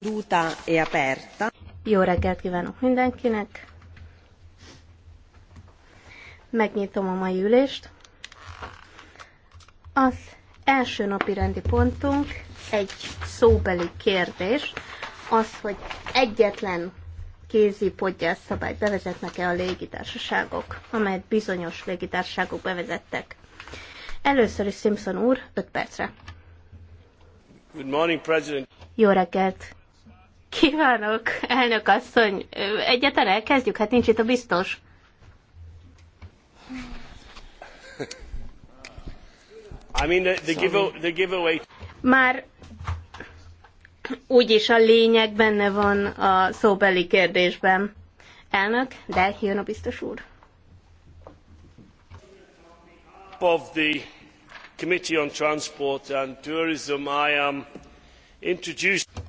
Duta e aperta. Jó reggelt kívánok mindenkinek! Megnyitom a mai ülést. Az első napi rendi pontunk egy szóbeli kérdés, az, hogy egyetlen kézi podgyászszabályt bevezetnek-e a légitársaságok, amelyet bizonyos légitársaságok bevezettek. Először is Simpson úr, 5 percre. Good morning, President. Jó reggelt, kívánok, elnök asszony. Egyetlen elkezdjük, hát nincs itt a biztos. I mean, the, the, give, the giveaway... Már úgyis a lényeg benne van a szóbeli kérdésben. Elnök, de jön a biztos úr. Of the Committee on Transport and Tourism, I am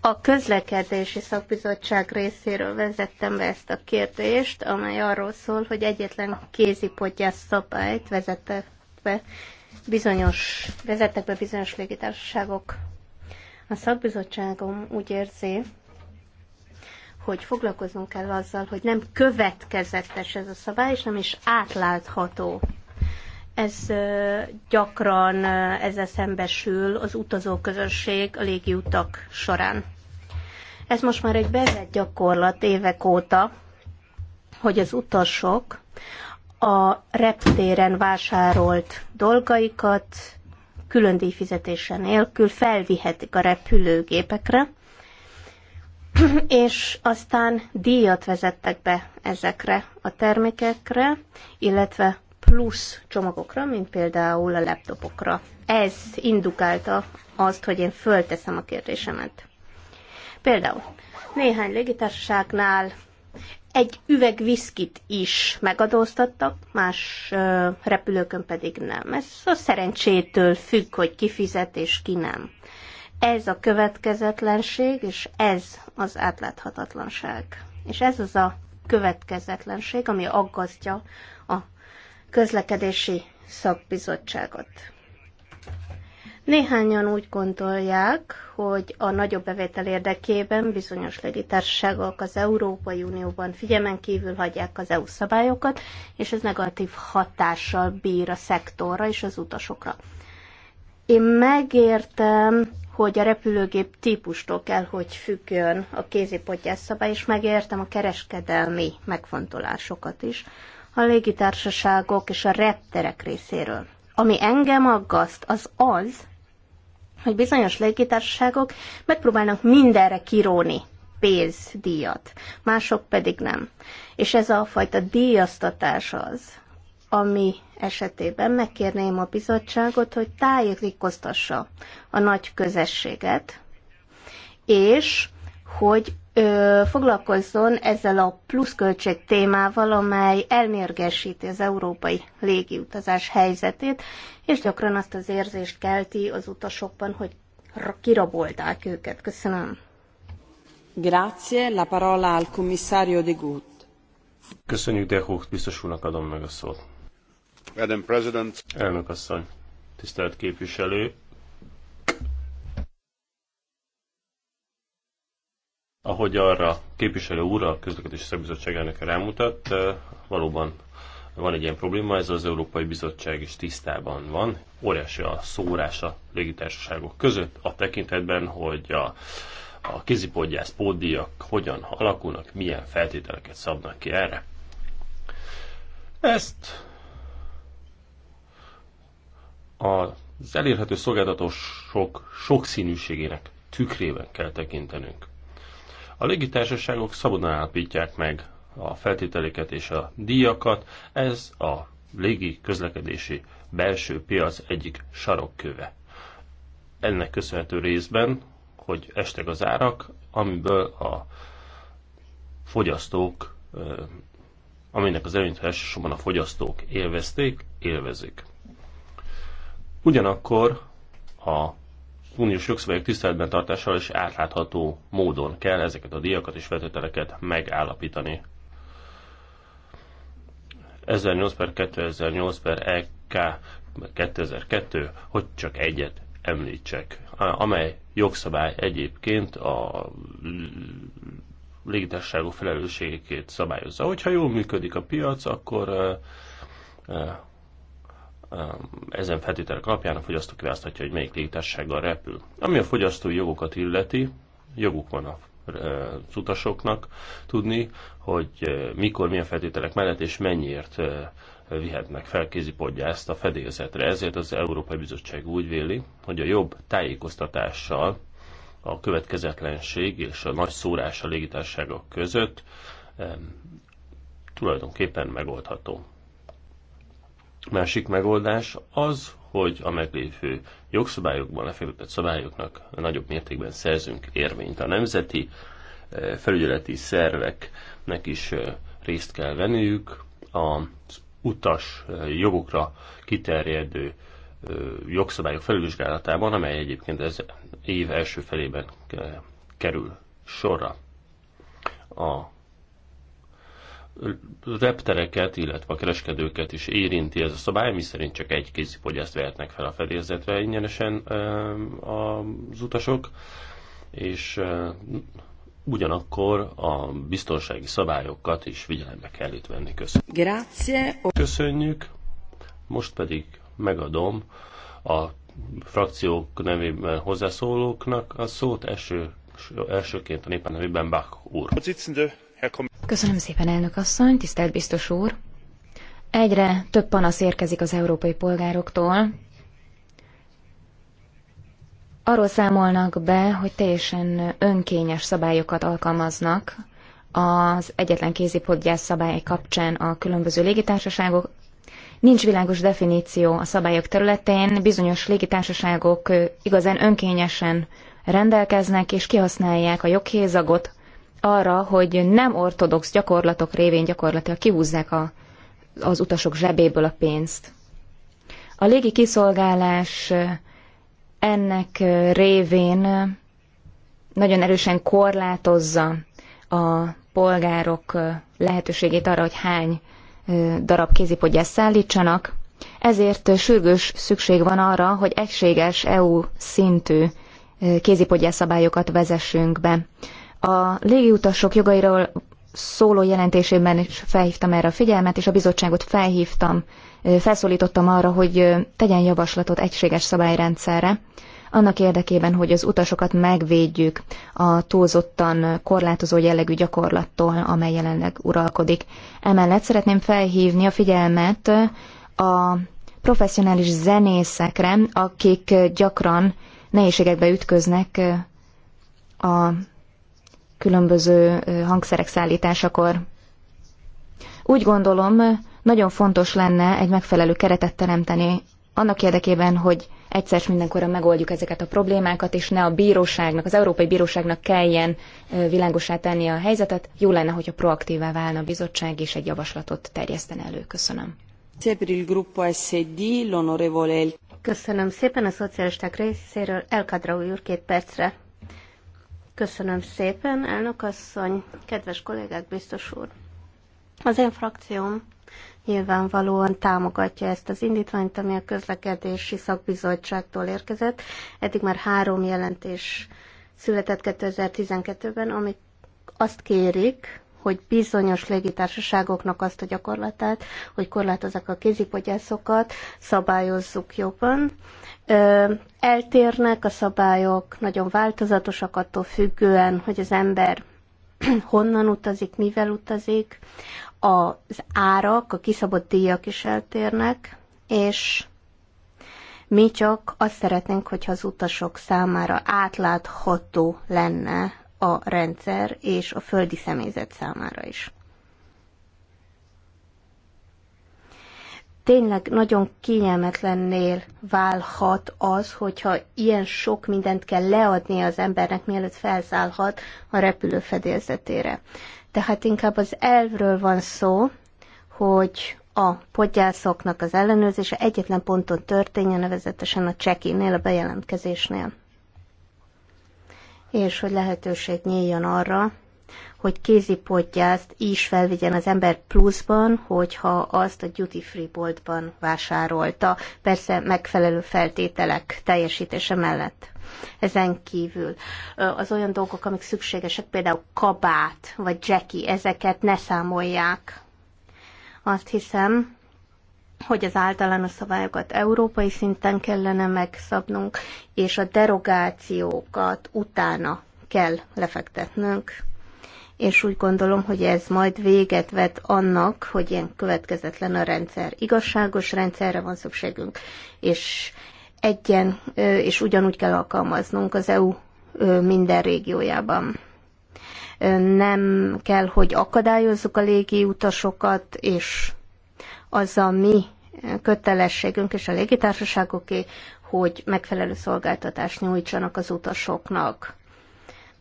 a közlekedési szakbizottság részéről vezettem be ezt a kérdést, amely arról szól, hogy egyetlen kézipodgyász szabályt vezettek be bizonyos, vezettek be bizonyos légitársaságok. A szakbizottságom úgy érzi, hogy foglalkoznunk kell azzal, hogy nem következetes ez a szabály, és nem is átlátható. Ez gyakran ezzel szembesül az utazóközösség a légiutak során. Ez most már egy bevett gyakorlat évek óta, hogy az utasok a reptéren vásárolt dolgaikat külön díjfizetése nélkül felvihetik a repülőgépekre, és aztán díjat vezettek be ezekre a termékekre, illetve plusz csomagokra, mint például a laptopokra. Ez indukálta azt, hogy én fölteszem a kérdésemet. Például néhány légitársaságnál egy üveg viszkit is megadóztattak, más ö, repülőkön pedig nem. Ez a szerencsétől függ, hogy ki fizet és ki nem. Ez a következetlenség, és ez az átláthatatlanság. És ez az a következetlenség, ami aggasztja a közlekedési szakbizottságot. Néhányan úgy gondolják, hogy a nagyobb bevétel érdekében bizonyos légitársaságok az Európai Unióban figyelmen kívül hagyják az EU szabályokat, és ez negatív hatással bír a szektorra és az utasokra. Én megértem, hogy a repülőgép típustól kell, hogy függjön a kézipottyás szabály, és megértem a kereskedelmi megfontolásokat is, a légitársaságok és a repterek részéről. Ami engem aggaszt, az az, hogy bizonyos légitársaságok megpróbálnak mindenre kiróni pénzdíjat, mások pedig nem. És ez a fajta díjaztatás az, ami esetében megkérném a bizottságot, hogy tájékoztassa a nagy közességet, és hogy ö, foglalkozzon ezzel a pluszköltség témával, amely elmérgesíti az európai légiutazás helyzetét, és gyakran azt az érzést kelti az utasokban, hogy kirabolták őket. Köszönöm. Grazie, la parola al commissario de Gucht. Köszönjük de Gucht, biztos úrnak adom meg a szót. Madam President. Elnök asszony, tisztelt képviselő, Ahogy arra képviselő úr, a közlekedési szakbizottság elnöke rámutat, eh, valóban van egy ilyen probléma, ez az Európai Bizottság is tisztában van. Óriási a szórás a légitársaságok között, a tekintetben, hogy a, a kézipodgyász pódiak hogyan alakulnak, milyen feltételeket szabnak ki erre. Ezt az elérhető szolgáltatások sokszínűségének tükrében kell tekintenünk. A légitársaságok szabadon állapítják meg a feltételeket és a díjakat, ez a légi közlekedési belső piac egyik sarokköve. Ennek köszönhető részben, hogy estek az árak, amiből a fogyasztók, aminek az előnyt elsősorban a fogyasztók élvezték, élvezik. Ugyanakkor a uniós jogszabályok tiszteletben tartással és átlátható módon kell ezeket a díjakat és feltételeket megállapítani. 1008 per 2008 per EK 2002, hogy csak egyet említsek, amely jogszabály egyébként a légitársaságok felelősségét szabályozza. Hogyha jól működik a piac, akkor Um, ezen feltételek alapján a fogyasztó kiválaszthatja, hogy melyik légitársággal repül. Ami a fogyasztói jogokat illeti, joguk van a e, az utasoknak tudni, hogy e, mikor, milyen feltételek mellett és mennyiért e, vihetnek fel kézipodja ezt a fedélzetre. Ezért az Európai Bizottság úgy véli, hogy a jobb tájékoztatással a következetlenség és a nagy szórás a légitárságok között tulajdonképpen megoldható. Másik megoldás az, hogy a meglévő jogszabályokban lefektetett szabályoknak nagyobb mértékben szerzünk érvényt. A nemzeti eh, felügyeleti szerveknek is eh, részt kell venniük az utas eh, jogokra kiterjedő jogszabályok felülvizsgálatában, amely egyébként ez év első felében kerül sorra. A reptereket, illetve a kereskedőket is érinti ez a szabály, miszerint csak egy kézifogyaszt vehetnek fel a fedélzetre ingyenesen az utasok, és ugyanakkor a biztonsági szabályokat is figyelembe kell itt venni. Köszönjük. Köszönjük. Most pedig megadom a frakciók nevében hozzászólóknak a szót első, elsőként a népen nevében Bach úr. Köszönöm szépen, elnök asszony, tisztelt biztos úr. Egyre több panasz érkezik az európai polgároktól. Arról számolnak be, hogy teljesen önkényes szabályokat alkalmaznak az egyetlen kézipodgyász szabály kapcsán a különböző légitársaságok. Nincs világos definíció a szabályok területén, bizonyos légitársaságok igazán önkényesen rendelkeznek és kihasználják a joghézagot, arra, hogy nem ortodox gyakorlatok révén gyakorlatilag kihúzzák a, az utasok zsebéből a pénzt. A légi kiszolgálás eh, ennek eh, révén eh, nagyon erősen korlátozza a polgárok lehetőségét arra, hogy hány darab kézipodját szállítsanak. Ezért sürgős szükség van arra, hogy egységes EU szintű szabályokat vezessünk be. A légiutasok jogairól szóló jelentésében is felhívtam erre a figyelmet, és a bizottságot felhívtam, felszólítottam arra, hogy tegyen javaslatot egységes szabályrendszerre, annak érdekében, hogy az utasokat megvédjük a túlzottan korlátozó jellegű gyakorlattól, amely jelenleg uralkodik. Emellett szeretném felhívni a figyelmet a professzionális zenészekre, akik gyakran nehézségekbe ütköznek a különböző hangszerek szállításakor. Úgy gondolom, nagyon fontos lenne egy megfelelő keretet teremteni annak érdekében, hogy egyszer mindenkorra megoldjuk ezeket a problémákat, és ne a bíróságnak, az Európai Bíróságnak kelljen világosá tenni a helyzetet. Jó lenne, hogyha proaktívá válna a bizottság, és egy javaslatot terjeszten elő. Köszönöm. Köszönöm szépen a szocialisták részéről. Elkadra úr két percre. Köszönöm szépen, elnök asszony, kedves kollégák, biztos úr. Az én frakcióm nyilvánvalóan támogatja ezt az indítványt, ami a közlekedési szakbizottságtól érkezett. Eddig már három jelentés született 2012-ben, amik azt kérik, hogy bizonyos légitársaságoknak azt a gyakorlatát, hogy korlátozzák a kézipogyászokat, szabályozzuk jobban. Eltérnek a szabályok, nagyon változatosak attól függően, hogy az ember honnan utazik, mivel utazik, az árak, a kiszabott díjak is eltérnek, és mi csak azt szeretnénk, hogyha az utasok számára átlátható lenne a rendszer és a földi személyzet számára is. Tényleg nagyon kényelmetlennél válhat az, hogyha ilyen sok mindent kell leadni az embernek, mielőtt felszállhat a repülő fedélzetére. Tehát inkább az elvről van szó, hogy a podgyászoknak az ellenőrzése egyetlen ponton történjen, nevezetesen a check-innél, a bejelentkezésnél és hogy lehetőség nyíljon arra, hogy kézi kézipottyázt is felvigyen az ember pluszban, hogyha azt a duty free boltban vásárolta, persze megfelelő feltételek teljesítése mellett. Ezen kívül az olyan dolgok, amik szükségesek, például kabát vagy jacky, ezeket ne számolják. Azt hiszem, hogy az általános szabályokat európai szinten kellene megszabnunk, és a derogációkat utána kell lefektetnünk. És úgy gondolom, hogy ez majd véget vet annak, hogy ilyen következetlen a rendszer. Igazságos rendszerre van szükségünk, és egyen, és ugyanúgy kell alkalmaznunk az EU minden régiójában nem kell, hogy akadályozzuk a légi utasokat, és az a mi kötelességünk és a légitársaságoké, hogy megfelelő szolgáltatást nyújtsanak az utasoknak.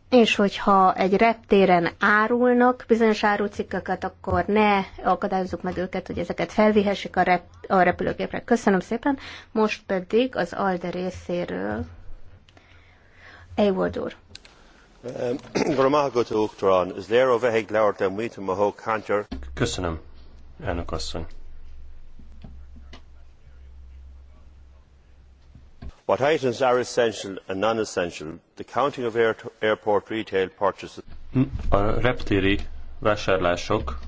És hogyha egy reptéren árulnak bizonyos árucikkeket, akkor ne akadályozzuk meg őket, hogy ezeket felvihessék a, rep- a repülőgépre. Köszönöm szépen. Most pedig az ALDE részéről Eivold úr. Köszönöm, elnök asszony. what items are essential and non essential the counting of air airport retail purchases. a reptéri vásárlások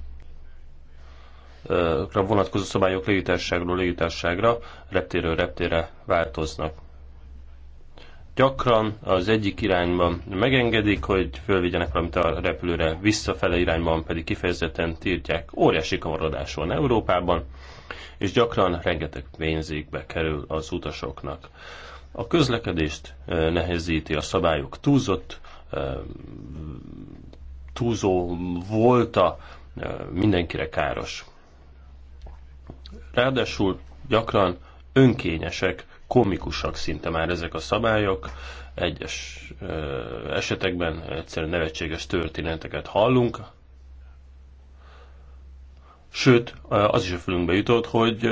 vonatkozó szabályok légitárságról légitárságra, reptéről reptére változnak. Gyakran az egyik irányban megengedik, hogy fölvigyenek valamit a repülőre, visszafele irányban pedig kifejezetten tiltják. Óriási kamarodás van Európában, és gyakran rengeteg pénzékbe kerül az utasoknak. A közlekedést eh, nehezíti a szabályok túlzott, eh, túlzó volta, eh, mindenkire káros. Ráadásul gyakran önkényesek, komikusak szinte már ezek a szabályok, egyes esetekben egyszerűen nevetséges történeteket hallunk, Sőt, az is a fülünkbe jutott, hogy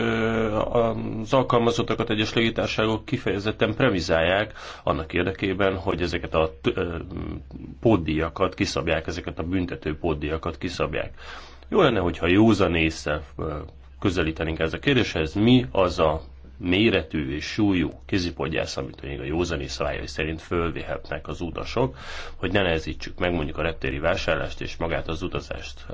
az alkalmazottakat egyes légitárságok kifejezetten premizálják annak érdekében, hogy ezeket a póddiakat kiszabják, ezeket a büntető póddiakat kiszabják. Jó lenne, hogyha józan észre közelítenénk ez a kérdéshez, mi az a méretű és súlyú kézipodjász, amit még a józani szabályai szerint fölvihetnek az utasok, hogy ne nehezítsük meg mondjuk a reptéri vásárlást és magát az utazást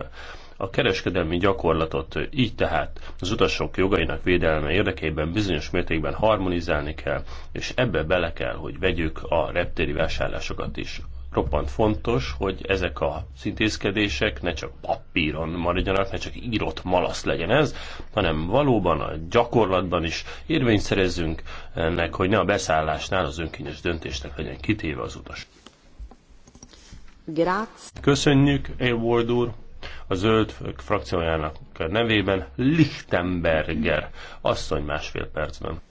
a kereskedelmi gyakorlatot így tehát az utasok jogainak védelme érdekében bizonyos mértékben harmonizálni kell, és ebbe bele kell, hogy vegyük a reptéri vásárlásokat is. Roppant fontos, hogy ezek a szintézkedések ne csak papíron maradjanak, ne csak írott malasz legyen ez, hanem valóban a gyakorlatban is érvényt szerezzünk ennek, hogy ne a beszállásnál az önkényes döntésnek legyen kitéve az utas. Grácz. Köszönjük, Évord úr! a zöld frakciójának nevében Lichtenberger asszony másfél percben.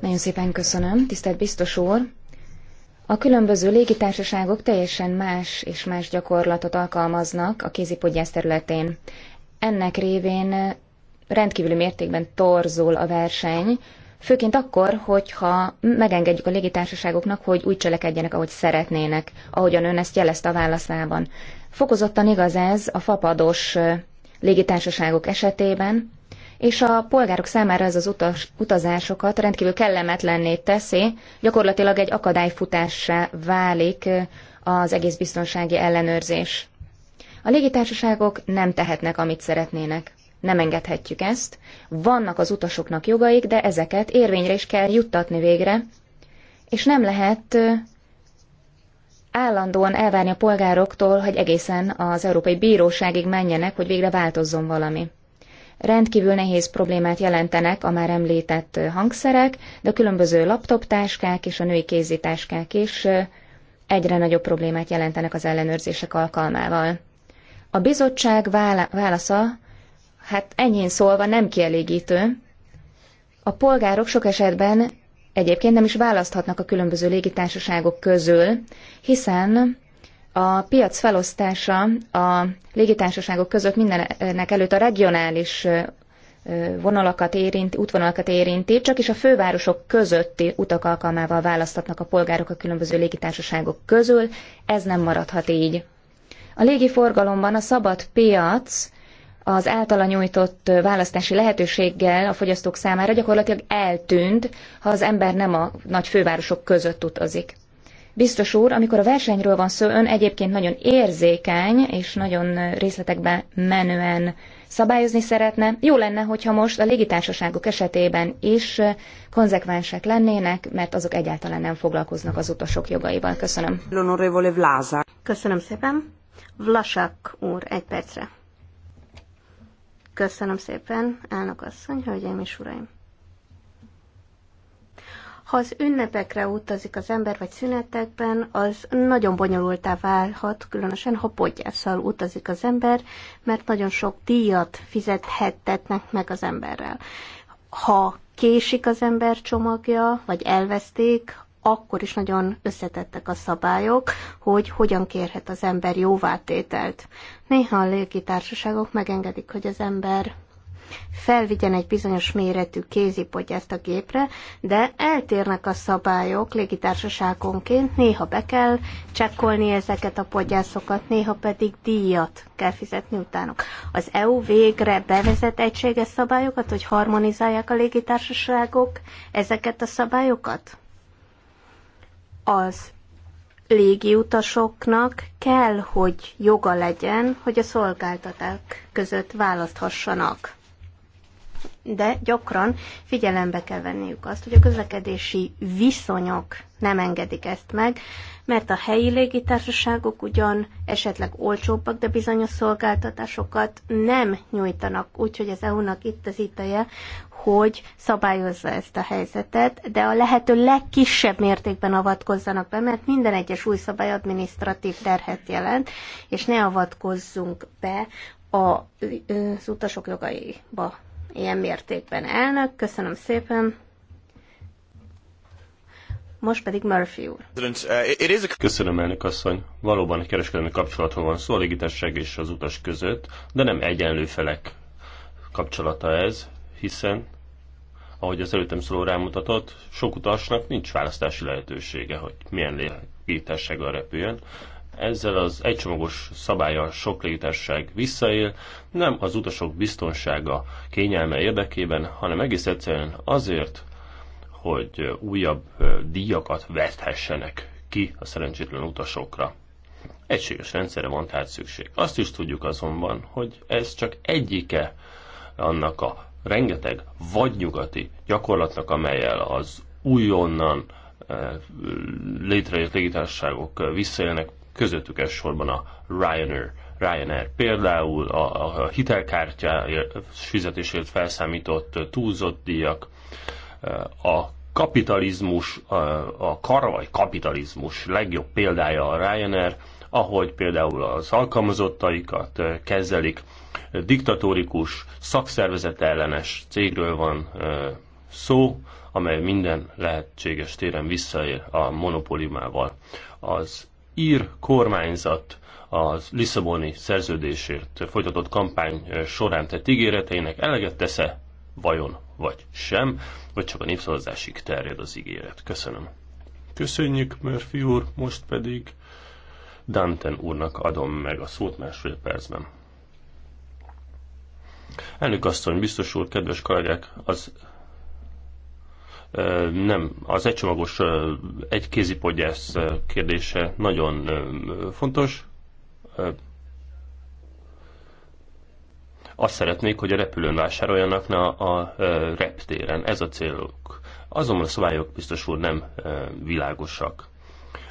Nagyon szépen köszönöm, tisztelt biztos úr! A különböző légitársaságok teljesen más és más gyakorlatot alkalmaznak a kézipodgyász területén. Ennek révén rendkívüli mértékben torzul a verseny, főként akkor, hogyha megengedjük a légitársaságoknak, hogy úgy cselekedjenek, ahogy szeretnének, ahogyan ön ezt jelezte a válaszában. Fokozottan igaz ez a fapados légitársaságok esetében, és a polgárok számára ez az utas, utazásokat rendkívül kellemetlenné teszi, gyakorlatilag egy akadályfutássá válik az egész biztonsági ellenőrzés. A légitársaságok nem tehetnek, amit szeretnének. Nem engedhetjük ezt. Vannak az utasoknak jogaik, de ezeket érvényre is kell juttatni végre, és nem lehet állandóan elvárni a polgároktól, hogy egészen az Európai Bíróságig menjenek, hogy végre változzon valami. Rendkívül nehéz problémát jelentenek a már említett hangszerek, de a különböző laptoptáskák és a női kézitáskák is egyre nagyobb problémát jelentenek az ellenőrzések alkalmával. A bizottság vála válasza, hát enyhén szólva nem kielégítő. A polgárok sok esetben Egyébként nem is választhatnak a különböző légitársaságok közül, hiszen a piac felosztása a légitársaságok között mindenek előtt a regionális vonalakat érinti, útvonalakat érinti, csak is a fővárosok közötti utak alkalmával választatnak a polgárok a különböző légitársaságok közül, ez nem maradhat így. A légiforgalomban a szabad piac az általa nyújtott választási lehetőséggel a fogyasztók számára gyakorlatilag eltűnt, ha az ember nem a nagy fővárosok között utazik. Biztos úr, amikor a versenyről van szó, ön egyébként nagyon érzékeny és nagyon részletekbe menően szabályozni szeretne. Jó lenne, hogyha most a légitársaságok esetében is konzekvensek lennének, mert azok egyáltalán nem foglalkoznak az utasok jogaival. Köszönöm. Köszönöm szépen. Vlasak úr, egy percre. Köszönöm szépen, elnök asszony, hölgyeim és uraim! Ha az ünnepekre utazik az ember, vagy szünetekben, az nagyon bonyolultá válhat, különösen ha podgyászsal utazik az ember, mert nagyon sok díjat fizethettetnek meg az emberrel. Ha késik az ember csomagja, vagy elveszték, akkor is nagyon összetettek a szabályok, hogy hogyan kérhet az ember jóvátételt. Néha a légitársaságok megengedik, hogy az ember felvigyen egy bizonyos méretű ezt a gépre, de eltérnek a szabályok légitársaságonként, néha be kell csekkolni ezeket a podgyászokat, néha pedig díjat kell fizetni utánuk. Az EU végre bevezet egységes szabályokat, hogy harmonizálják a légitársaságok ezeket a szabályokat? az légiutasoknak kell, hogy joga legyen, hogy a szolgáltaták között választhassanak de gyakran figyelembe kell venniük azt, hogy a közlekedési viszonyok nem engedik ezt meg, mert a helyi légitársaságok ugyan esetleg olcsóbbak, de bizonyos szolgáltatásokat nem nyújtanak, úgyhogy az EU-nak itt az ideje, hogy szabályozza ezt a helyzetet, de a lehető legkisebb mértékben avatkozzanak be, mert minden egyes új szabály adminisztratív terhet jelent, és ne avatkozzunk be az utasok jogaiba ilyen mértékben. Elnök, köszönöm szépen. Most pedig Murphy úr. Uh, köszönöm, elnök asszony. Valóban egy kereskedelmi kapcsolatról van szó a légitársaság és az utas között, de nem egyenlő felek kapcsolata ez, hiszen ahogy az előttem szóló rámutatott, sok utasnak nincs választási lehetősége, hogy milyen légitársággal repüljön ezzel az egycsomagos szabályon sok légitársaság visszaél, nem az utasok biztonsága, kényelme érdekében, hanem egész egyszerűen azért, hogy újabb díjakat vethessenek ki a szerencsétlen utasokra. Egységes rendszerre van tehát szükség. Azt is tudjuk azonban, hogy ez csak egyike annak a rengeteg vadnyugati gyakorlatnak, amelyel az újonnan létrejött légitársaságok visszaélnek, közöttük elsősorban a Ryanair. Ryanair például a, a hitelkártya fizetésért felszámított túlzott díjak, a kapitalizmus, a karvaj kapitalizmus legjobb példája a Ryanair, ahogy például az alkalmazottaikat kezelik, diktatórikus, szakszervezet ellenes cégről van szó, amely minden lehetséges téren visszaér a monopolimával. Az ír kormányzat a Lisszaboni szerződésért folytatott kampány során tett ígéreteinek eleget tesz-e vajon vagy sem, vagy csak a népszavazásig terjed az ígéret. Köszönöm. Köszönjük, Murphy úr, most pedig Danten úrnak adom meg a szót másfél percben. Elnök asszony, biztos úr, kedves kollégák, az nem, az egycsomagos egykézi podgyász kérdése nagyon fontos. Azt szeretnék, hogy a repülőn vásároljanak ne a, a reptéren. Ez a célok. Azonban a szabályok biztos úr nem világosak.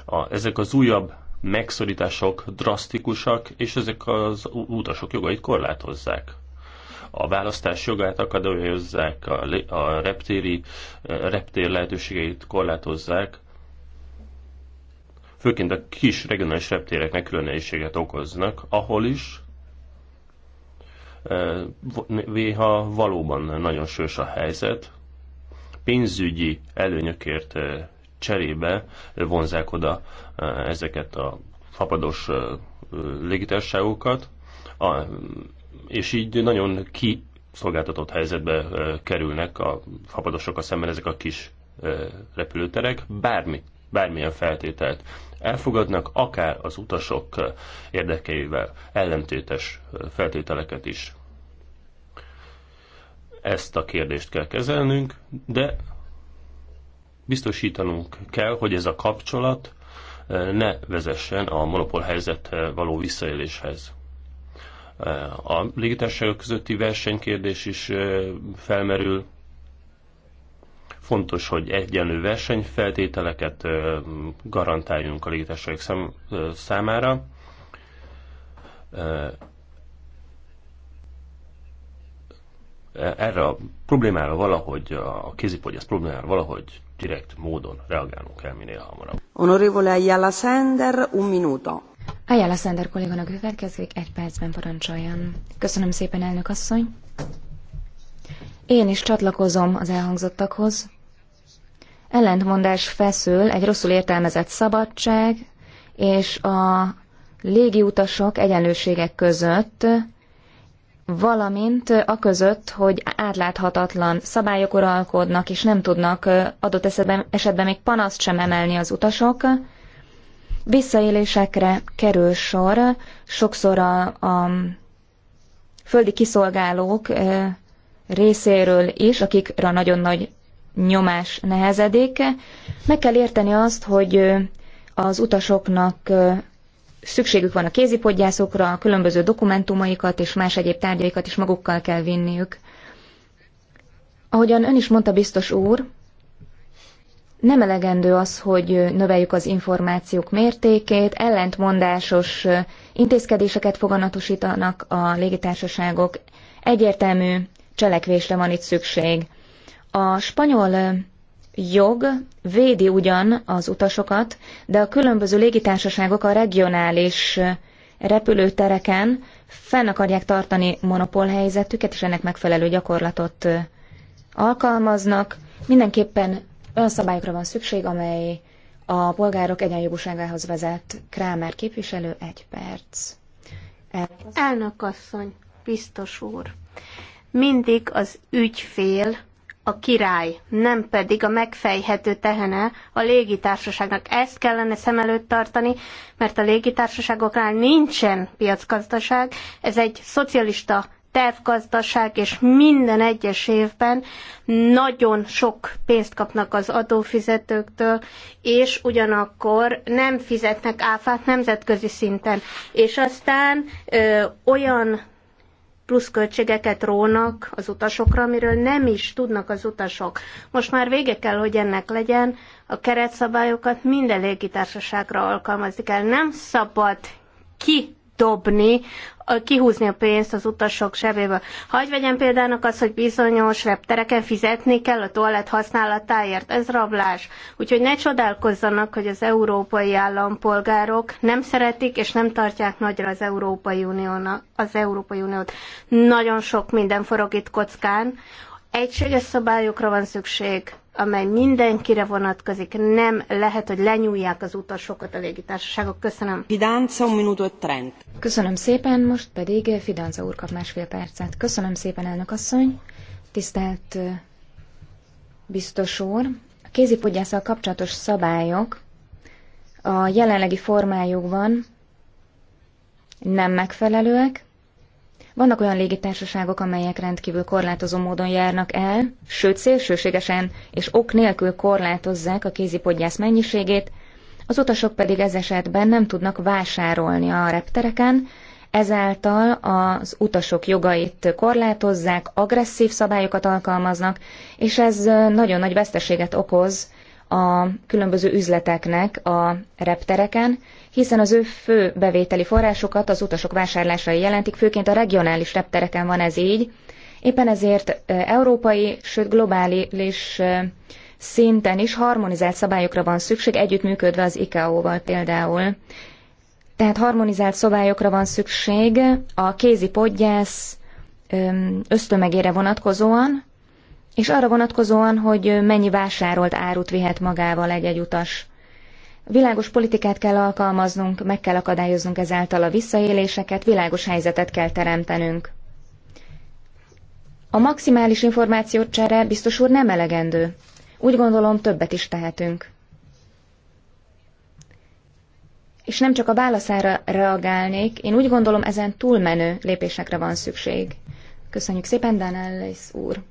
A, ezek az újabb megszorítások drasztikusak, és ezek az utasok jogait korlátozzák a választás jogát akadályozzák, a, a reptéri, eh, reptér lehetőségeit korlátozzák, főként a kis regionális reptéreknek külön okoznak, ahol is eh, néha valóban nagyon sős a helyzet, pénzügyi előnyökért eh, cserébe vonzák oda ezeket a fapados légitársaságokat, a és így nagyon ki szolgáltatott helyzetbe kerülnek a fapadosok a szemben ezek a kis repülőterek, bármi, bármilyen feltételt elfogadnak, akár az utasok érdekeivel ellentétes feltételeket is. Ezt a kérdést kell kezelnünk, de biztosítanunk kell, hogy ez a kapcsolat ne vezessen a monopól helyzet való visszaéléshez. A légitársaságok közötti versenykérdés is felmerül. Fontos, hogy egyenlő versenyfeltételeket garantáljunk a légitársaságok számára. Erre a problémára valahogy, a kézipogyász problémára valahogy direkt módon reagálnunk kell minél hamarabb. Honorevole Ayala Sender, un minuto. Ajánl Szender kolléganak következik, egy percben parancsoljon. Köszönöm szépen, elnök asszony. Én is csatlakozom az elhangzottakhoz. Ellentmondás feszül egy rosszul értelmezett szabadság és a légiutasok egyenlőségek között, valamint a között, hogy átláthatatlan szabályok uralkodnak, és nem tudnak adott esetben, esetben még panaszt sem emelni az utasok, Visszaélésekre kerül sor, sokszor a, a földi kiszolgálók részéről is, akikra nagyon nagy nyomás nehezedik. Meg kell érteni azt, hogy az utasoknak szükségük van a kézipodgyászokra, a különböző dokumentumaikat és más egyéb tárgyaikat is magukkal kell vinniük. Ahogyan ön is mondta, biztos úr, nem elegendő az, hogy növeljük az információk mértékét, ellentmondásos intézkedéseket foganatosítanak a légitársaságok, egyértelmű cselekvésre van itt szükség. A spanyol jog védi ugyan az utasokat, de a különböző légitársaságok a regionális repülőtereken fenn akarják tartani monopólhelyzetüket, és ennek megfelelő gyakorlatot alkalmaznak. Mindenképpen olyan szabályokra van szükség, amely a polgárok egyenjogúságához vezet. Krámer képviselő, egy perc. Elnök asszony, biztos úr. Mindig az ügyfél a király, nem pedig a megfejhető tehene a légitársaságnak. Ezt kellene szem előtt tartani, mert a légitársaságoknál nincsen piacgazdaság, ez egy szocialista tervgazdaság, és minden egyes évben nagyon sok pénzt kapnak az adófizetőktől, és ugyanakkor nem fizetnek áfát nemzetközi szinten. És aztán ö, olyan pluszköltségeket rónak az utasokra, amiről nem is tudnak az utasok. Most már vége kell, hogy ennek legyen, a keretszabályokat minden légitársaságra alkalmazni kell. Nem szabad ki dobni kihúzni a pénzt az utasok zsebéből. Hagy vegyem példának az, hogy bizonyos reptereken fizetni kell a toalett használatáért. Ez rablás. Úgyhogy ne csodálkozzanak, hogy az európai állampolgárok nem szeretik és nem tartják nagyra az Európai, Uniónak, az európai Uniót. Nagyon sok minden forog itt kockán. Egységes szabályokra van szükség amely mindenkire vonatkozik. Nem lehet, hogy lenyúlják az utasokat a légitársaságok. Köszönöm. Fidanza, un minuto e trent. Köszönöm szépen, most pedig Fidanza úr kap másfél percet. Köszönöm szépen, elnök asszony. Tisztelt biztos úr, a kézipodgyászal kapcsolatos szabályok a jelenlegi formájukban nem megfelelőek, vannak olyan légitársaságok, amelyek rendkívül korlátozó módon járnak el, sőt szélsőségesen és ok nélkül korlátozzák a kézipodgyász mennyiségét, az utasok pedig ez esetben nem tudnak vásárolni a reptereken, ezáltal az utasok jogait korlátozzák, agresszív szabályokat alkalmaznak, és ez nagyon nagy veszteséget okoz a különböző üzleteknek a reptereken, hiszen az ő fő bevételi forrásokat az utasok vásárlásai jelentik, főként a regionális reptereken van ez így. Éppen ezért európai, sőt globális szinten is harmonizált szabályokra van szükség, együttműködve az ICAO-val például. Tehát harmonizált szabályokra van szükség a kézi podgyász ösztömegére vonatkozóan, és arra vonatkozóan, hogy mennyi vásárolt árut vihet magával egy-egy utas. Világos politikát kell alkalmaznunk, meg kell akadályoznunk ezáltal a visszaéléseket, világos helyzetet kell teremtenünk. A maximális információcsere biztos úr nem elegendő. Úgy gondolom, többet is tehetünk. És nem csak a válaszára reagálnék, én úgy gondolom, ezen túlmenő lépésekre van szükség. Köszönjük szépen, Danellis úr!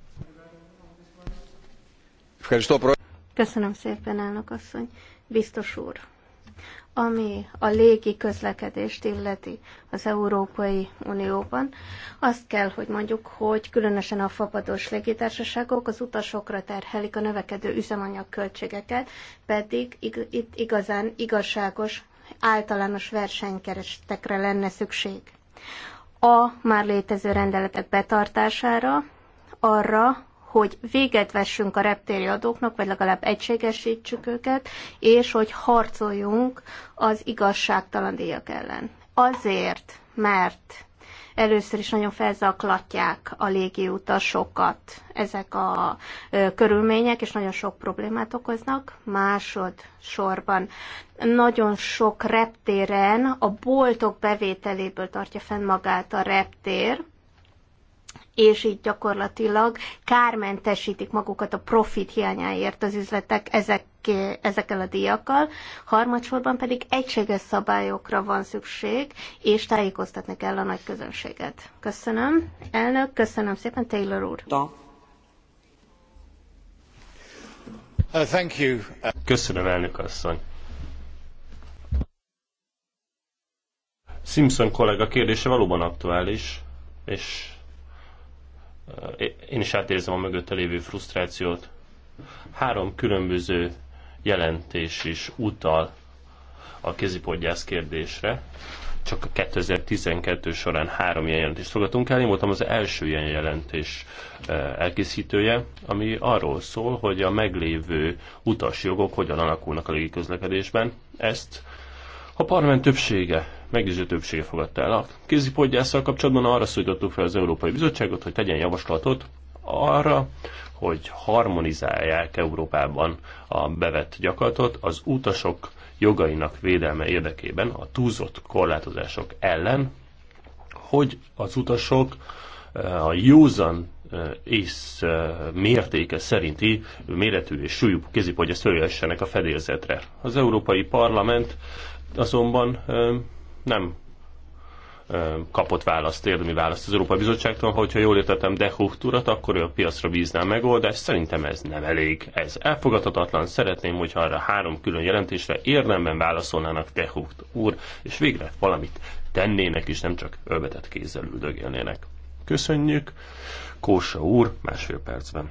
Köszönöm szépen, elnök asszony! Biztos úr, ami a légi közlekedést illeti az Európai Unióban, azt kell, hogy mondjuk, hogy különösen a fapados légitársaságok az utasokra terhelik a növekedő üzemanyag pedig itt igazán igazságos általános versenykerestekre lenne szükség. A már létező rendeletek betartására, arra, hogy véget vessünk a reptéri adóknak, vagy legalább egységesítsük őket, és hogy harcoljunk az igazságtalan díjak ellen. Azért, mert először is nagyon felzaklatják a légiutasokat ezek a ö, körülmények, és nagyon sok problémát okoznak. Másodszorban nagyon sok reptéren a boltok bevételéből tartja fenn magát a reptér, és így gyakorlatilag kármentesítik magukat a profit hiányáért az üzletek ezek, ezekkel a díjakkal, harmadsorban pedig egységes szabályokra van szükség, és tájékoztatni kell a nagy közönséget. Köszönöm. Elnök, köszönöm szépen, Taylor úr. Uh, thank you. Köszönöm, elnök asszony. Simpson kollega kérdése valóban aktuális, és én is átérzem a mögötte lévő frusztrációt. Három különböző jelentés is utal a kézipodgyász kérdésre. Csak a 2012 során három ilyen jelentést fogadtunk el. Én voltam az első ilyen jelentés elkészítője, ami arról szól, hogy a meglévő utasjogok hogyan alakulnak a légiközlekedésben. Ezt a parlament többsége, meggyőző többsége fogadta el. A kézipodgyásszal kapcsolatban arra szólítottuk fel az Európai Bizottságot, hogy tegyen javaslatot arra, hogy harmonizálják Európában a bevett gyakorlatot az utasok jogainak védelme érdekében a túlzott korlátozások ellen, hogy az utasok eh, a józan eh, és eh, mértéke szerinti méretű és súlyú kézipogyaszt följössenek a fedélzetre. Az Európai Parlament azonban nem kapott választ, érdemi választ az Európai Bizottságtól. Hogyha jól értettem de urat, akkor ő a piacra bízná megoldást. Szerintem ez nem elég. Ez elfogadhatatlan. Szeretném, hogyha arra három külön jelentésre érdemben válaszolnának de úr, és végre valamit tennének, és nem csak övetett kézzel üldögélnének. Köszönjük. Kósa úr, másfél percben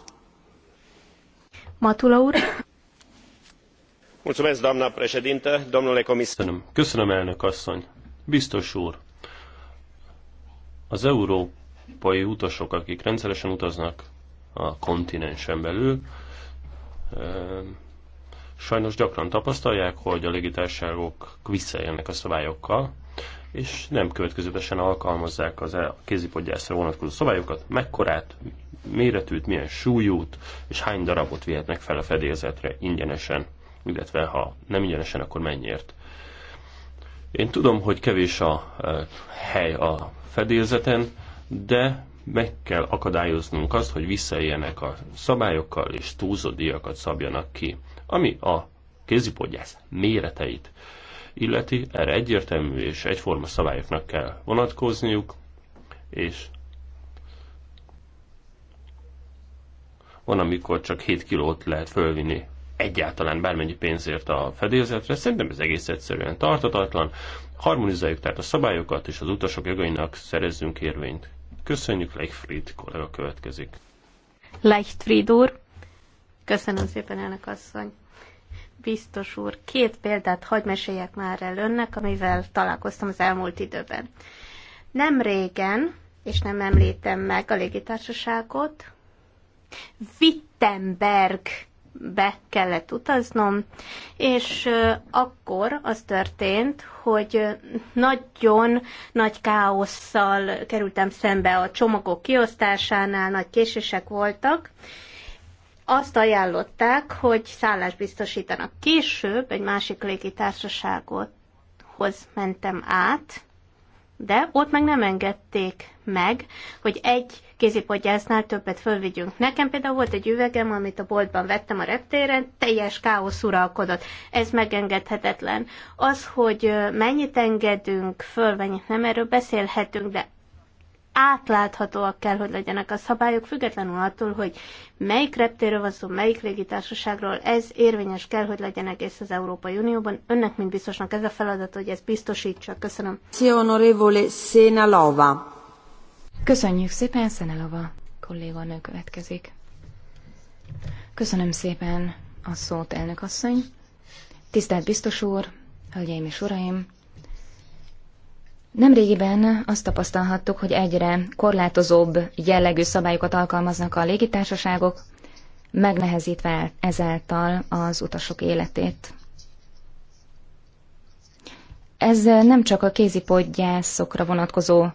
Matula úr. Mulțumesc, doamna președintă, domnule comisar. Köszönöm. Köszönöm, elnök asszony. Biztos úr, az európai utasok, akik rendszeresen utaznak a kontinensen belül, sajnos gyakran tapasztalják, hogy a légitársaságok visszaélnek a szabályokkal, és nem következetesen alkalmazzák az kézipodgyászra vonatkozó szabályokat, mekkorát, méretűt, milyen súlyút és hány darabot vihetnek fel a fedélzetre ingyenesen, illetve ha nem ingyenesen, akkor mennyiért. Én tudom, hogy kevés a e, hely a fedélzeten, de meg kell akadályoznunk azt, hogy visszaéljenek a szabályokkal és túlzott díjakat szabjanak ki. Ami a kézipodgyász méreteit illeti, erre egyértelmű és egyforma szabályoknak kell vonatkozniuk, és Van, amikor csak 7 kilót lehet fölvinni egyáltalán bármennyi pénzért a fedélzetre. Szerintem ez egész egyszerűen tartatatlan. Harmonizáljuk tehát a szabályokat, és az utasok jogainak szerezzünk érvényt. Köszönjük, Leichfried kollega következik. Leichfried úr, köszönöm szépen, elnök asszony. Biztos úr, két példát hagy meséljek már el önnek, amivel találkoztam az elmúlt időben. Nem régen, és nem említem meg a légitársaságot, Wittenbergbe kellett utaznom, és akkor az történt, hogy nagyon nagy káosszal kerültem szembe a csomagok kiosztásánál, nagy késések voltak, azt ajánlották, hogy szállást biztosítanak. Később egy másik légitársaságot mentem át, de ott meg nem engedték meg, hogy egy kézipodgyásznál többet fölvigyünk. Nekem például volt egy üvegem, amit a boltban vettem a reptéren, teljes káosz uralkodott. Ez megengedhetetlen. Az, hogy mennyit engedünk föl, mennyit nem, erről beszélhetünk, de átláthatóak kell, hogy legyenek a szabályok, függetlenül attól, hogy melyik reptéről van szó, melyik légitársaságról, ez érvényes kell, hogy legyen egész az Európai Unióban. Önnek, mint biztosnak ez a feladat, hogy ezt biztosítsa. Köszönöm. Köszönjük szépen, Szenelova kolléganő következik. Köszönöm szépen a szót, elnök asszony. Tisztelt biztos úr, hölgyeim és uraim, Nemrégiben azt tapasztalhattuk, hogy egyre korlátozóbb jellegű szabályokat alkalmaznak a légitársaságok, megnehezítve ezáltal az utasok életét. Ez nem csak a kézipodgyászokra vonatkozó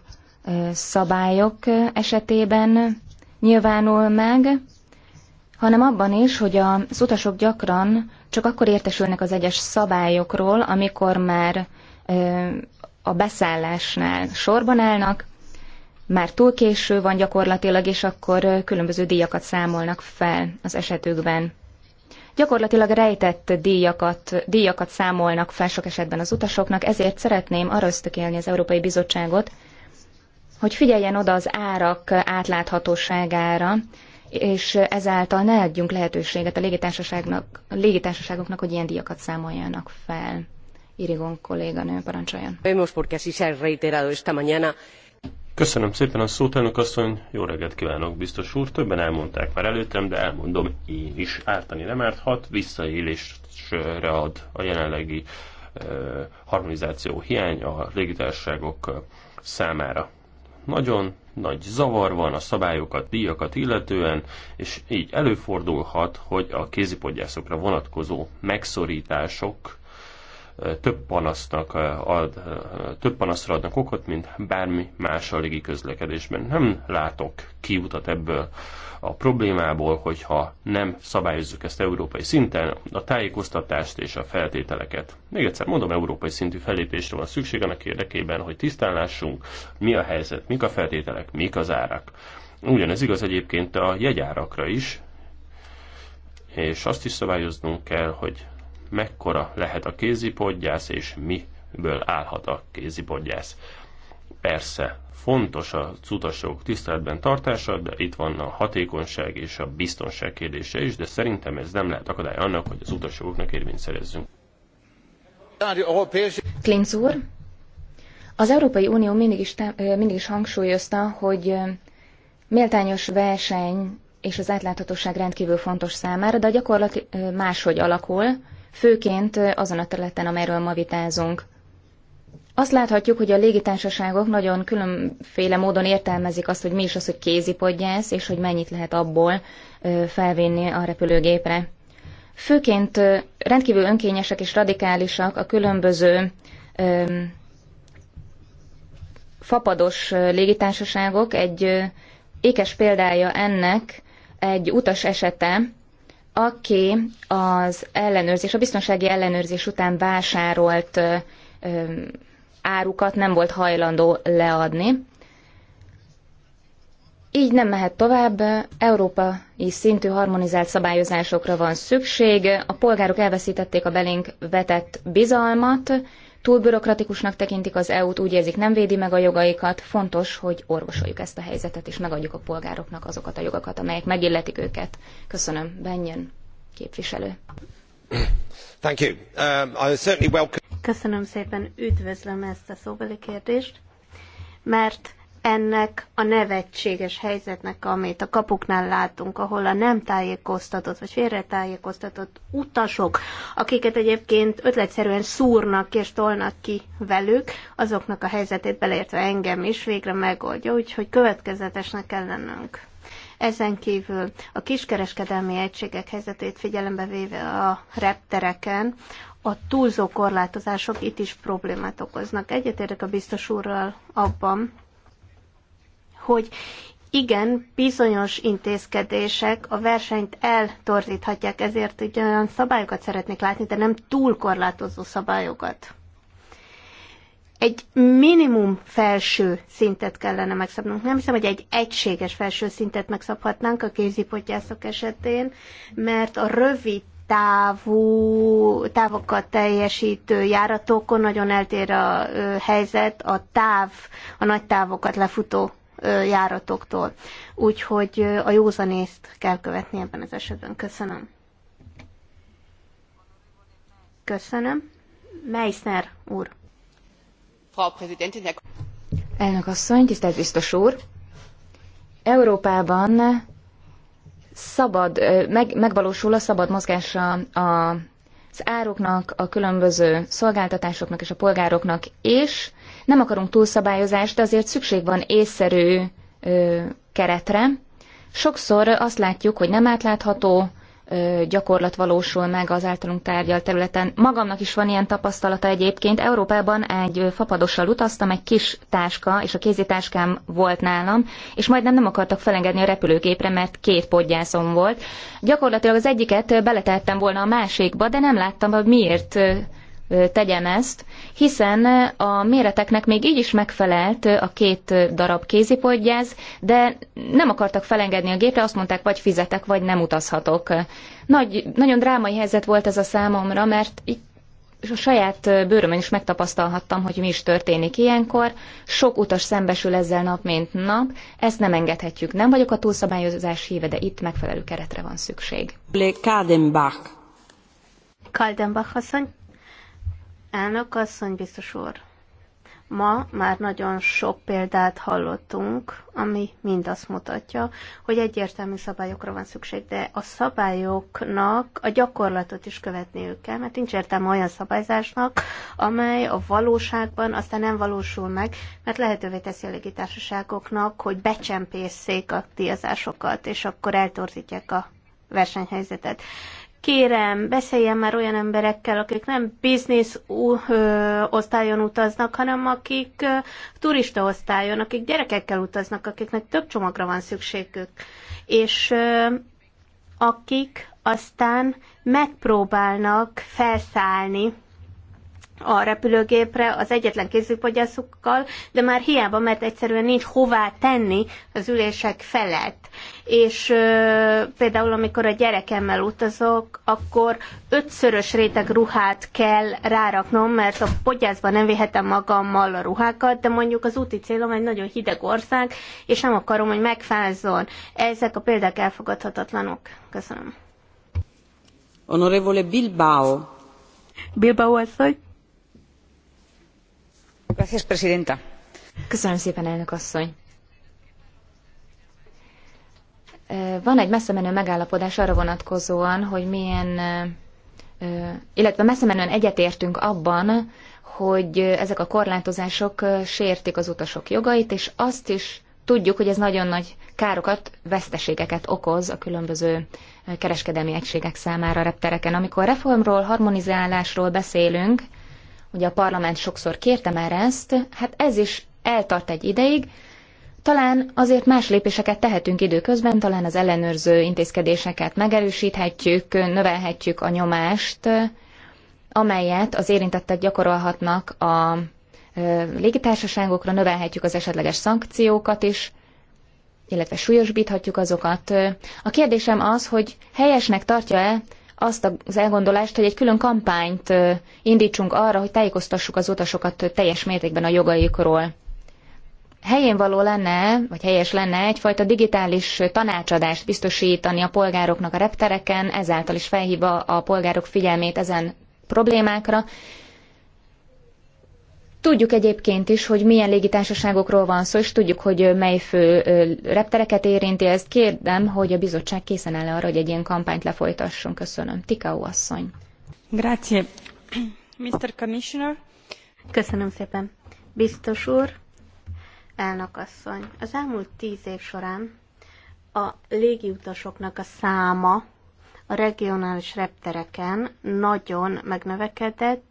szabályok esetében nyilvánul meg, hanem abban is, hogy az utasok gyakran csak akkor értesülnek az egyes szabályokról, amikor már a beszállásnál sorban állnak, már túl késő van gyakorlatilag, és akkor különböző díjakat számolnak fel az esetükben. Gyakorlatilag rejtett díjakat, díjakat számolnak fel sok esetben az utasoknak, ezért szeretném arra ösztökélni az Európai Bizottságot, hogy figyeljen oda az árak átláthatóságára, és ezáltal ne adjunk lehetőséget a légitársaságoknak, hogy ilyen díjakat számoljanak fel. Irigon kolléganő parancsoljon. Köszönöm szépen a szót, elnök asszony. Jó reggelt kívánok, biztos úr. Többen elmondták már előttem, de elmondom én is. Ártani nem árt. Hat visszaélésre ad a jelenlegi harmonizáció hiány a légitársaságok számára. Nagyon nagy zavar van a szabályokat, díjakat illetően, és így előfordulhat, hogy a kézipodgyászokra vonatkozó megszorítások több, panasznak ad, több panaszra adnak okot, mint bármi más a légi közlekedésben. Nem látok kiutat ebből a problémából, hogyha nem szabályozzuk ezt európai szinten, a tájékoztatást és a feltételeket. Még egyszer mondom, európai szintű fellépésre van szükség annak érdekében, hogy tisztán lássunk, mi a helyzet, mik a feltételek, mik az árak. Ugyanez igaz egyébként a jegyárakra is, és azt is szabályoznunk kell, hogy mekkora lehet a kézipodgyász, és miből állhat a kézipodgyász. Persze, fontos a cutasok tiszteletben tartása, de itt van a hatékonyság és a biztonság kérdése is, de szerintem ez nem lehet akadály annak, hogy az utasoknak érvényt szerezzünk. Klinz úr, az Európai Unió mindig is, mindig is hangsúlyozta, hogy méltányos verseny és az átláthatóság rendkívül fontos számára, de a gyakorlat máshogy alakul főként azon a területen, amelyről ma vitázunk. Azt láthatjuk, hogy a légitársaságok nagyon különféle módon értelmezik azt, hogy mi is az, hogy kézipodgyász, és hogy mennyit lehet abból felvinni a repülőgépre. Főként rendkívül önkényesek és radikálisak a különböző fapados légitársaságok. Egy ékes példája ennek egy utas esete, aki az ellenőrzés, a biztonsági ellenőrzés után vásárolt árukat nem volt hajlandó leadni. Így nem mehet tovább, európai szintű harmonizált szabályozásokra van szükség, a polgárok elveszítették a belénk vetett bizalmat, túl bürokratikusnak tekintik az EU-t, úgy érzik, nem védi meg a jogaikat. Fontos, hogy orvosoljuk ezt a helyzetet, és megadjuk a polgároknak azokat a jogokat, amelyek megilletik őket. Köszönöm. Benjen képviselő. Thank you. Um, I certainly welcome... Köszönöm szépen, üdvözlöm ezt a szóbeli kérdést, mert ennek a nevetséges helyzetnek, amit a kapuknál látunk, ahol a nem tájékoztatott vagy félretájékoztatott utasok, akiket egyébként ötletszerűen szúrnak és tolnak ki velük, azoknak a helyzetét beleértve engem is végre megoldja, úgyhogy következetesnek kell lennünk. Ezen kívül a kiskereskedelmi egységek helyzetét figyelembe véve a reptereken, a túlzó korlátozások itt is problémát okoznak. Egyetértek a biztos úrral abban, hogy igen, bizonyos intézkedések a versenyt eltorzíthatják, ezért ugye olyan szabályokat szeretnék látni, de nem túl korlátozó szabályokat. Egy minimum felső szintet kellene megszabnunk. Nem hiszem, hogy egy egységes felső szintet megszabhatnánk a kézipotyászok esetén, mert a rövid távú, távokat teljesítő járatokon nagyon eltér a helyzet a táv, a nagy távokat lefutó járatoktól. Úgyhogy a józanészt kell követni ebben az esetben. Köszönöm. Köszönöm. Meissner úr. Frau Präsidentin, Elnök asszony, tisztelt biztos úr! Európában szabad, meg, megvalósul a szabad mozgása a, az ároknak, a különböző szolgáltatásoknak és a polgároknak, és nem akarunk túlszabályozást, de azért szükség van észszerű ö, keretre. Sokszor azt látjuk, hogy nem átlátható ö, gyakorlat valósul meg az általunk tárgyal területen. Magamnak is van ilyen tapasztalata egyébként. Európában egy fapadossal utaztam, egy kis táska, és a kézitáskám volt nálam, és majdnem nem akartak felengedni a repülőgépre, mert két podgyászom volt. Gyakorlatilag az egyiket beletettem volna a másikba, de nem láttam, hogy miért tegyem ezt hiszen a méreteknek még így is megfelelt a két darab kézipodgyáz, de nem akartak felengedni a gépre, azt mondták, vagy fizetek, vagy nem utazhatok. Nagy, nagyon drámai helyzet volt ez a számomra, mert így és a saját bőrömön is megtapasztalhattam, hogy mi is történik ilyenkor. Sok utas szembesül ezzel nap, mint nap. Ezt nem engedhetjük. Nem vagyok a túlszabályozás híve, de itt megfelelő keretre van szükség. Kaldenbach. Kaldenbach asszony. Elnök asszony, biztos úr. Ma már nagyon sok példát hallottunk, ami mind azt mutatja, hogy egyértelmű szabályokra van szükség, de a szabályoknak a gyakorlatot is követniük kell, mert nincs értelme olyan szabályzásnak, amely a valóságban aztán nem valósul meg, mert lehetővé teszi a légitársaságoknak, hogy becsempészék a díjazásokat, és akkor eltorzítják a versenyhelyzetet kérem, beszéljen már olyan emberekkel, akik nem biznisz osztályon utaznak, hanem akik turista osztályon, akik gyerekekkel utaznak, akiknek több csomagra van szükségük, és akik aztán megpróbálnak felszállni a repülőgépre az egyetlen kézügypagyászukkal, de már hiába, mert egyszerűen nincs hová tenni az ülések felett. És ö, például, amikor a gyerekemmel utazok, akkor ötszörös réteg ruhát kell ráraknom, mert a podgyászban nem vihetem magammal a ruhákat, de mondjuk az úti célom egy nagyon hideg ország, és nem akarom, hogy megfázzon. Ezek a példák elfogadhatatlanok. Köszönöm. Honorevole Bilbao. Bilbao asszony. Köszönöm szépen, elnök asszony. Van egy messzemenő megállapodás arra vonatkozóan, hogy milyen, illetve messzemenően egyetértünk abban, hogy ezek a korlátozások sértik az utasok jogait, és azt is tudjuk, hogy ez nagyon nagy károkat, veszteségeket okoz a különböző kereskedelmi egységek számára a reptereken. Amikor reformról, harmonizálásról beszélünk, Ugye a parlament sokszor kérte már ezt, hát ez is eltart egy ideig, talán azért más lépéseket tehetünk időközben, talán az ellenőrző intézkedéseket megerősíthetjük, növelhetjük a nyomást, amelyet az érintettek gyakorolhatnak a légitársaságokra, növelhetjük az esetleges szankciókat is, illetve súlyosbíthatjuk azokat. A kérdésem az, hogy helyesnek tartja-e azt az elgondolást, hogy egy külön kampányt indítsunk arra, hogy tájékoztassuk az utasokat teljes mértékben a jogaikról. Helyén való lenne, vagy helyes lenne egyfajta digitális tanácsadást biztosítani a polgároknak a reptereken, ezáltal is felhívva a polgárok figyelmét ezen problémákra, Tudjuk egyébként is, hogy milyen légitársaságokról van szó, és tudjuk, hogy mely fő reptereket érinti. Ezt kérdem, hogy a bizottság készen áll arra, hogy egy ilyen kampányt lefolytasson. Köszönöm. Tikau asszony. Grazie. Mr. Commissioner. Köszönöm szépen. Biztos úr, elnök asszony, az elmúlt tíz év során a légiutasoknak a száma a regionális reptereken nagyon megnövekedett,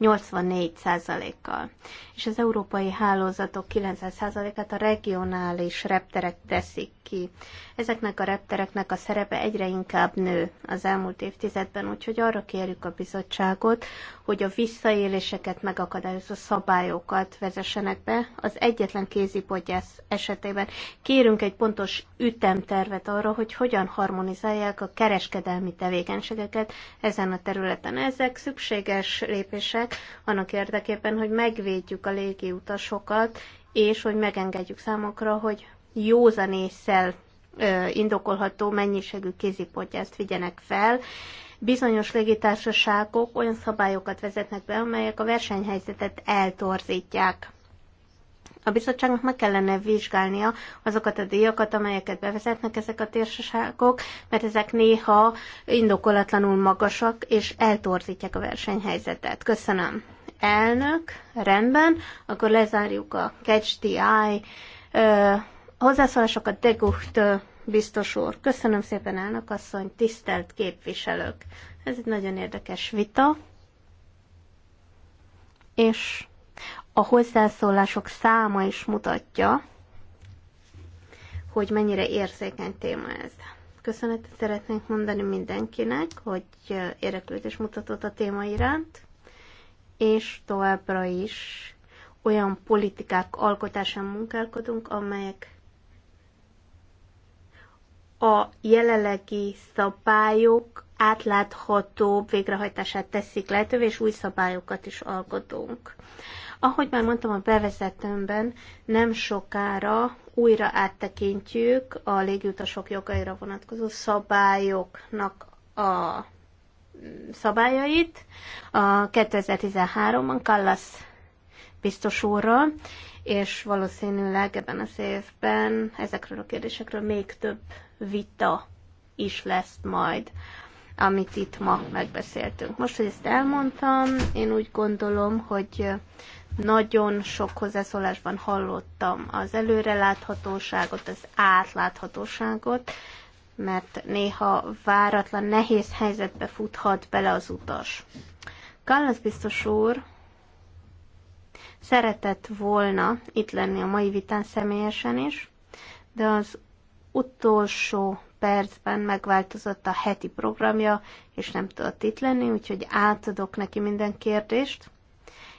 84%-kal. Hát, És az európai hálózatok 90%-át a regionális repterek teszik ki. Ezeknek a reptereknek a szerepe egyre inkább nő az elmúlt évtizedben, úgyhogy arra kérjük a bizottságot, hogy a visszaéléseket megakadályozó szabályokat vezessenek be. Az egyetlen kézipodgyász esetében kérünk egy pontos ütemtervet arra, hogy hogyan harmonizálják a kereskedelmi tevékenységeket ezen a területen. Ezek szükséges fontos lépések annak érdekében, hogy megvédjük a légiutasokat, és hogy megengedjük számokra, hogy józan észsel indokolható mennyiségű kézipodjást vigyenek fel. Bizonyos légitársaságok olyan szabályokat vezetnek be, amelyek a versenyhelyzetet eltorzítják. A bizottságnak meg kellene vizsgálnia azokat a díjakat, amelyeket bevezetnek ezek a társaságok, mert ezek néha indokolatlanul magasak, és eltorzítják a versenyhelyzetet. Köszönöm. Elnök, rendben, akkor lezárjuk a Catch the Eye ö, hozzászólásokat Degucht biztos úr. Köszönöm szépen, elnök asszony, tisztelt képviselők. Ez egy nagyon érdekes vita, és a hozzászólások száma is mutatja, hogy mennyire érzékeny téma ez. Köszönetet szeretnénk mondani mindenkinek, hogy érdeklődés mutatott a téma iránt, és továbbra is olyan politikák alkotásán munkálkodunk, amelyek a jelenlegi szabályok átláthatóbb végrehajtását teszik lehetővé, és új szabályokat is alkotunk. Ahogy már mondtam a bevezetőmben, nem sokára újra áttekintjük a légiutasok jogaira vonatkozó szabályoknak a szabályait a 2013-ban Kallas biztos úrra, és valószínűleg ebben az évben ezekről a kérdésekről még több vita is lesz majd, amit itt ma megbeszéltünk. Most, hogy ezt elmondtam, én úgy gondolom, hogy nagyon sok hozzászólásban hallottam az előreláthatóságot, az átláthatóságot, mert néha váratlan, nehéz helyzetbe futhat bele az utas. Kallasz biztos úr szeretett volna itt lenni a mai vitán személyesen is, de az utolsó percben megváltozott a heti programja, és nem tudott itt lenni, úgyhogy átadok neki minden kérdést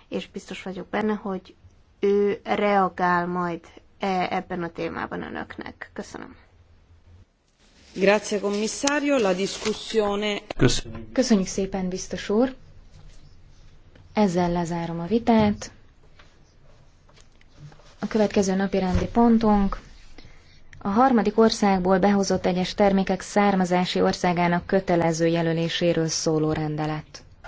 és biztos vagyok benne, hogy ő reagál majd e, ebben a témában önöknek. Köszönöm. Grazie, commissario. La discussione... Köszönjük. Köszönjük szépen, biztos úr. Ezzel lezárom a vitát. A következő napi rendi pontunk a harmadik országból behozott egyes termékek származási országának kötelező jelöléséről szóló rendelet.